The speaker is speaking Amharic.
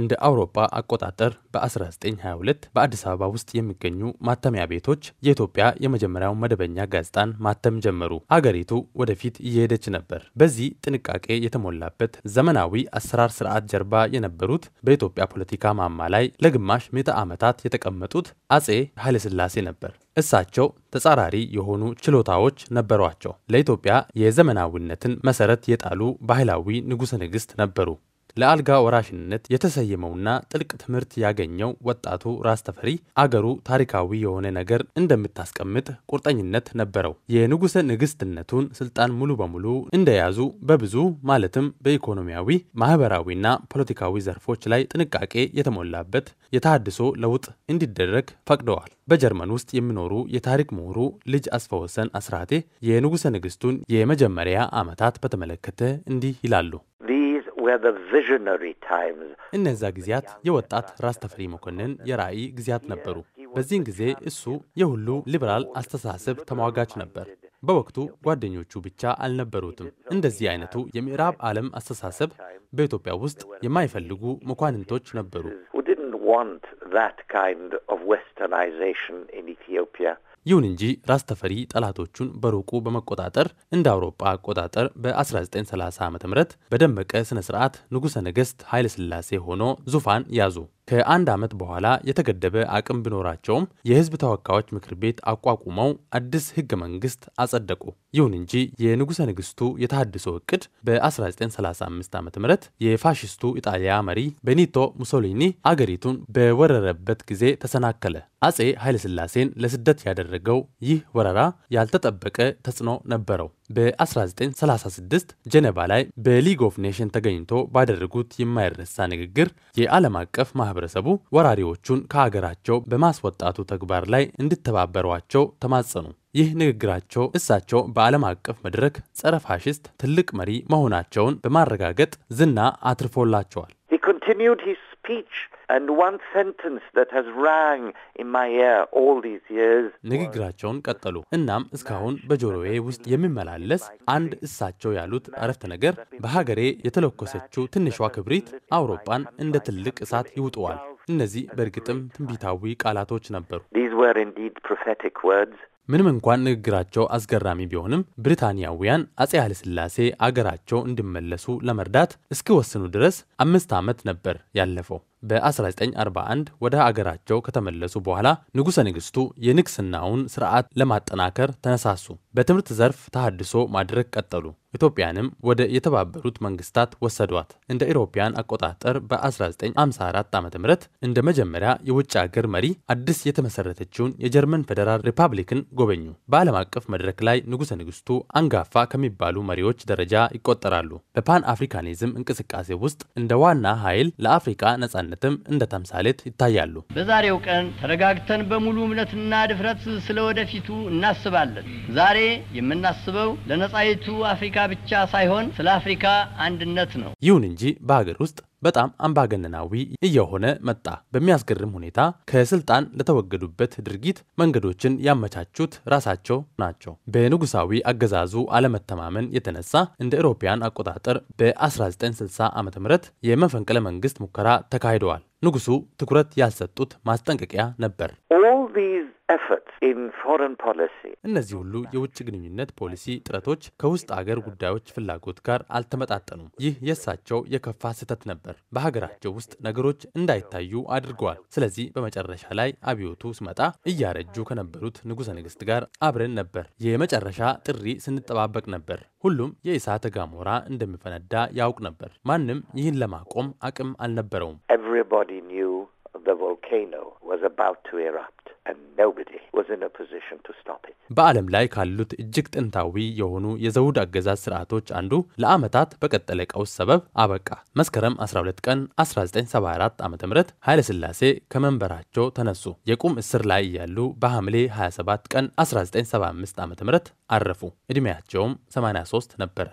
እንደ አውሮፓ አቆጣጠር በ1922 በአዲስ አበባ ውስጥ የሚገኙ ማተሚያ ቤቶች የኢትዮጵያ የመጀመሪያው መደበኛ ጋዜጣን ማተም ጀመሩ። አገሪቱ ወደፊት እየሄደች ነበር። በዚህ ጥንቃቄ የተሞላበት ዘመናዊ አሰራር ስርዓት ጀርባ የነበሩት በኢትዮጵያ ፖለቲካ ማማ ላይ ለግማሽ ምዕተ ዓመታት የተቀመጡት አጼ ኃይለሥላሴ ነበር። እሳቸው ተጻራሪ የሆኑ ችሎታዎች ነበሯቸው። ለኢትዮጵያ የዘመናዊነትን መሰረት የጣሉ ባህላዊ ንጉሠ ነገሥት ነበሩ። ለአልጋ ወራሽነት የተሰየመውና ጥልቅ ትምህርት ያገኘው ወጣቱ ራስ ተፈሪ አገሩ ታሪካዊ የሆነ ነገር እንደምታስቀምጥ ቁርጠኝነት ነበረው። የንጉሠ ንግሥትነቱን ስልጣን ሙሉ በሙሉ እንደያዙ በብዙ ማለትም በኢኮኖሚያዊ ማህበራዊና ፖለቲካዊ ዘርፎች ላይ ጥንቃቄ የተሞላበት የተሃድሶ ለውጥ እንዲደረግ ፈቅደዋል። በጀርመን ውስጥ የሚኖሩ የታሪክ ምሁሩ ልጅ አስፈወሰን አስራቴ የንጉሠ ንግሥቱን የመጀመሪያ ዓመታት በተመለከተ እንዲህ ይላሉ። እነዚያ ጊዜያት የወጣት ራስ ተፈሪ መኮንን የራዕይ ጊዜያት ነበሩ። በዚህን ጊዜ እሱ የሁሉ ሊበራል አስተሳሰብ ተሟጋች ነበር። በወቅቱ ጓደኞቹ ብቻ አልነበሩትም። እንደዚህ አይነቱ የምዕራብ ዓለም አስተሳሰብ በኢትዮጵያ ውስጥ የማይፈልጉ መኳንንቶች ነበሩ። ይሁን እንጂ ራስ ተፈሪ ጠላቶቹን በሩቁ በመቆጣጠር እንደ አውሮፓ አቆጣጠር በ1930 ዓ ም በደመቀ ስነ ስርዓት ንጉሠ ነገሥት ኃይለሥላሴ ሆኖ ዙፋን ያዙ። ከአንድ ዓመት በኋላ የተገደበ አቅም ቢኖራቸውም የህዝብ ተወካዮች ምክር ቤት አቋቁመው አዲስ ህገ መንግስት አጸደቁ። ይሁን እንጂ የንጉሠ ንግሥቱ የተሃድሶ እቅድ በ1935 ዓ ም የፋሽስቱ ኢጣሊያ መሪ ቤኒቶ ሙሶሊኒ አገሪቱን በወረረበት ጊዜ ተሰናከለ። አጼ ኃይለሥላሴን ለስደት ያደረገው ይህ ወረራ ያልተጠበቀ ተጽዕኖ ነበረው። በ1936 ጀነባ ላይ በሊግ ኦፍ ኔሽን ተገኝቶ ባደረጉት የማይረሳ ንግግር የዓለም አቀፍ ማህበረሰቡ ወራሪዎቹን ከሀገራቸው በማስወጣቱ ተግባር ላይ እንዲተባበሯቸው ተማጸኑ። ይህ ንግግራቸው እሳቸው በዓለም አቀፍ መድረክ ጸረ ፋሽስት ትልቅ መሪ መሆናቸውን በማረጋገጥ ዝና አትርፎላቸዋል። He continued his speech and one sentence that has rang in my ear all these years. ንግግራቸውን ቀጠሉ። እናም እስካሁን በጆሮዬ ውስጥ የሚመላለስ አንድ እሳቸው ያሉት አረፍተ ነገር በሀገሬ የተለኮሰችው ትንሿ ክብሪት አውሮፓን እንደ ትልቅ እሳት ይውጠዋል። እነዚህ በእርግጥም ትንቢታዊ ቃላቶች ነበሩ። ምንም እንኳን ንግግራቸው አስገራሚ ቢሆንም ብሪታንያውያን አጼ ኃይለሥላሴ አገራቸው እንዲመለሱ ለመርዳት እስኪወስኑ ድረስ አምስት ዓመት ነበር ያለፈው። በ1941 ወደ አገራቸው ከተመለሱ በኋላ ንጉሠ ንግሥቱ የንግሥናውን ስርዓት ለማጠናከር ተነሳሱ። በትምህርት ዘርፍ ተሃድሶ ማድረግ ቀጠሉ። ኢትዮጵያንም ወደ የተባበሩት መንግስታት ወሰዷት። እንደ ኢሮፓያን አቆጣጠር በ1954 ዓ ም እንደ መጀመሪያ የውጭ አገር መሪ አዲስ የተመሰረተችውን የጀርመን ፌዴራል ሪፐብሊክን ጎበኙ። በዓለም አቀፍ መድረክ ላይ ንጉሠ ንግሥቱ አንጋፋ ከሚባሉ መሪዎች ደረጃ ይቆጠራሉ። በፓን አፍሪካኒዝም እንቅስቃሴ ውስጥ እንደ ዋና ኃይል ለአፍሪካ ነጻነት በምሳሌነትም እንደ ተምሳሌት ይታያሉ። በዛሬው ቀን ተረጋግተን በሙሉ እምነትና ድፍረት ስለ ወደፊቱ እናስባለን። ዛሬ የምናስበው ለነጻይቱ አፍሪካ ብቻ ሳይሆን ስለ አፍሪካ አንድነት ነው። ይሁን እንጂ በሀገር ውስጥ በጣም አምባገነናዊ እየሆነ መጣ። በሚያስገርም ሁኔታ ከስልጣን ለተወገዱበት ድርጊት መንገዶችን ያመቻቹት ራሳቸው ናቸው። በንጉሳዊ አገዛዙ አለመተማመን የተነሳ እንደ አውሮፓውያን አቆጣጠር በ1960 ዓ ም የመፈንቅለ መንግስት ሙከራ ተካሂደዋል። ንጉሱ ትኩረት ያልሰጡት ማስጠንቀቂያ ነበር። እነዚህ ሁሉ የውጭ ግንኙነት ፖሊሲ ጥረቶች ከውስጥ አገር ጉዳዮች ፍላጎት ጋር አልተመጣጠኑም። ይህ የእሳቸው የከፋ ስህተት ነበር። በሀገራቸው ውስጥ ነገሮች እንዳይታዩ አድርገዋል። ስለዚህ በመጨረሻ ላይ አብዮቱ ስመጣ እያረጁ ከነበሩት ንጉሠ ነገሥት ጋር አብረን ነበር። የመጨረሻ ጥሪ ስንጠባበቅ ነበር። ሁሉም የእሳተ ገሞራ እንደሚፈነዳ ያውቅ ነበር። ማንም ይህን ለማቆም አቅም አልነበረውም። በዓለም ላይ ካሉት እጅግ ጥንታዊ የሆኑ የዘውድ አገዛዝ ስርዓቶች አንዱ ለዓመታት በቀጠለ ቀውስ ሰበብ አበቃ። መስከረም 12 ቀን 1974 ዓ ም ኃይለሥላሴ ከመንበራቸው ተነሱ። የቁም እስር ላይ እያሉ በሐምሌ 27 ቀን 1975 ዓ ም አረፉ። ዕድሜያቸውም 83 ነበረ።